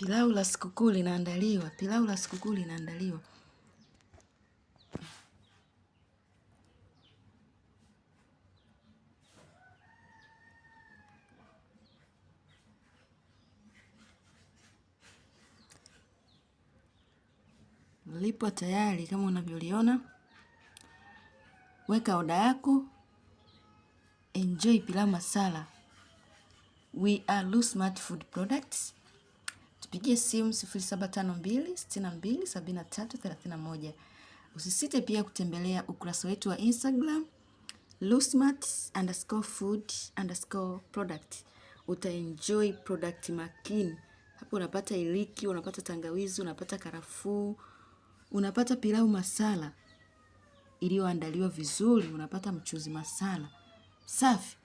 Pilau la sikukuu linaandaliwa. Pilau la sikukuu linaandaliwa. Lipo tayari kama unavyoliona. Weka oda yako. Enjoy pilau masala. We are Smart Food Products. Tupigie simu 0752627331. Usisite pia kutembelea ukurasa wetu wa Instagram lusmart_food_product. Utaenjoy product makini hapo. Unapata iliki, unapata tangawizi, unapata karafuu, unapata pilau masala iliyoandaliwa vizuri, unapata mchuzi masala safi.